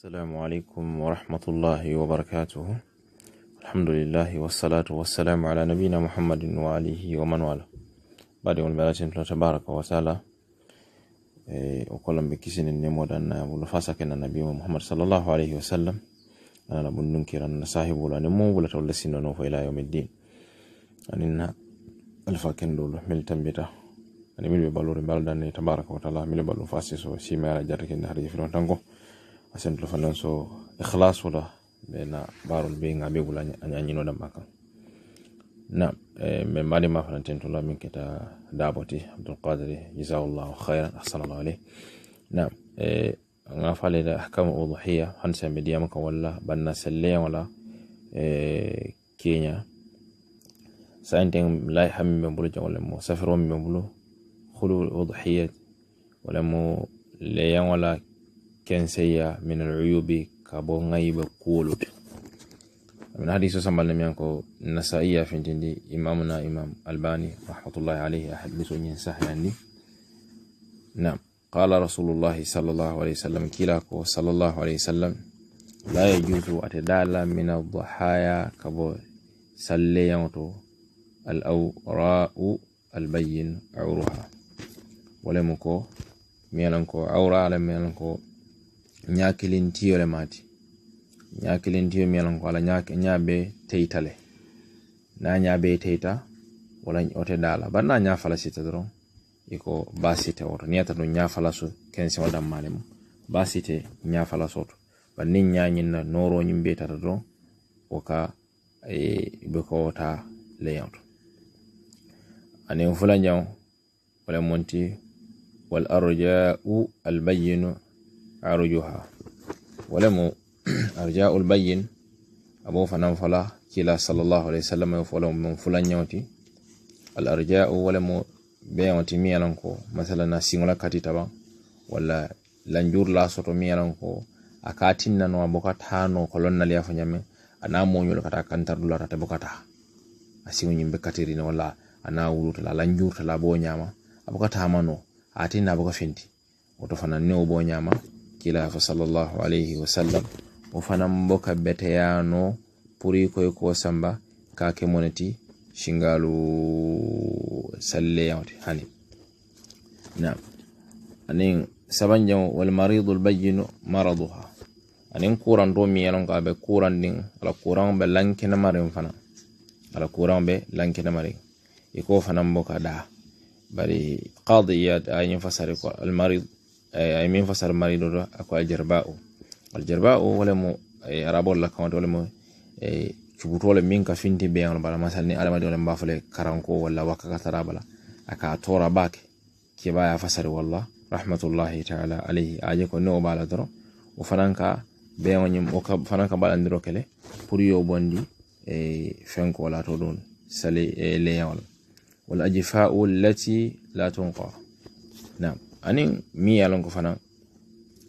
السلام عليكم ورحمة الله وبركاته الحمد لله والصلاة والسلام على نبينا محمد وعليه ومن والاه بعد يوم البلاتين تبارك وتعالى وكلهم بكسين النمود أن أبو كان النبي محمد صلى الله عليه وسلم أنا لابد ننكر أن صاحب ولا نمو ولا تولى سنة إلى يوم الدين أن إن ألفا دول مل تنبيته أن مل ببالور بلدان تبارك وتعالى مل ببالور فاسس وسيما على جاركين النهر يفرون تنقو asen to fanan so ikhlas wala bena barol be ngabe wala anyanyi no damaka na me mali ma fanan tento la min keta daboti abdul qadir jazawallahu khairan ahsanallahu alayhi na nga fale da ahkam udhiya hansa media maka wala banna salliya wala kenya ساينتين لا يحمي من بلو ولا مو سفر من بلو خلو الأضحية ولا مو ليان كنسيا من العيوب كابون غيب كولوت من هذه سوسة مالنا ميانكو نسائية في جندي إمامنا إمام الباني رحمة الله عليه أحد بسوني سهل عندي نعم قال رسول الله صلى الله عليه وسلم كلاكو صلى الله عليه وسلم لا يجوز أتدالا من الضحايا كبو سليانتو الأوراء البين عورها ولمكو ميلانكو عورا لم ميلانكو ñakilintio le mati ñakilintio ala ñaɓe teyta le na ñaɓe teyta wala ote dala bari na ñafala doron iko basite woto niyata ɗum ñafala so dammale mum basite ñafala bari nin ñañinna noroñum mbiyetata doron woka ɓe kowota leyawto anin fula jaw wala monti wal arja'u arjuha walemu arjaul bayin abo fanan fola kila sallallahu alaihi wasallam yo fola mun fula nyoti al arja'u walemu beyo ti miyalan wala lanjur la soto miyalan ko akatin nano abokata no kolon na liya ana moñol kata kantar dula tata bokata asiwo nyimbe katirina wala ana wuluta la lanjur la bo abokata mano fenti oto fanan ne kilafa sallllahu alayhi wasallam o fanan bo ka beteyano puri koye ko samba kake moneti shingalu salleyawte hani na anin sabanjan walmaridu lbayinu maraduha anin kuranto mi yalon ka be kuran din ala kuran be lankina marin fana ala kuran be lankina marin iko fanan bo da bari qadi ya ayin fasari ko almarid ay eh, min fo sar mari ɗo aljarba'u aljarba'u wala mo eh, arabol la kawante wala mo eh, cubutole min ka finti beyaŋol bala masal ni adamadi wala mbafole karanko walla wakka ka aka tora bake kebaya fasari walla rahmatullahi taala alayhi aje ko ne bala doro o fanan ka beyaŋo ñim o fanan ka balandiro kele pour yo bondi e fenko lato ɗon sali e leyaŋol wal ajfa'u allati la tunqa nam ani mi ye lonko ko fana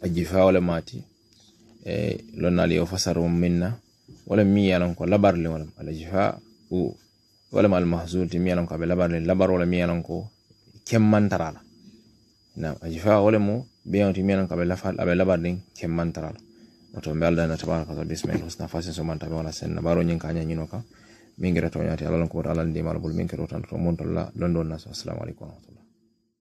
a jifa wala mati e lonnal yo fasaru minna wala mi ye lon ko labarle wala ala jifa u wala mal mahzul ti mi ye lon ko be labarle labar wala mi ye lon ko kemmantarala na a jifa wala mo be ti mi ye lon ko lafal abe labarle kemmantarala wato mbe aldana tabaraka wa bismillah husna fasin so manta be wala sen na baro nyin nya nyino ka to nyati alalan ko alalan di marbul min kero tan to mon tolla nas assalamu alaikum warahmatullahi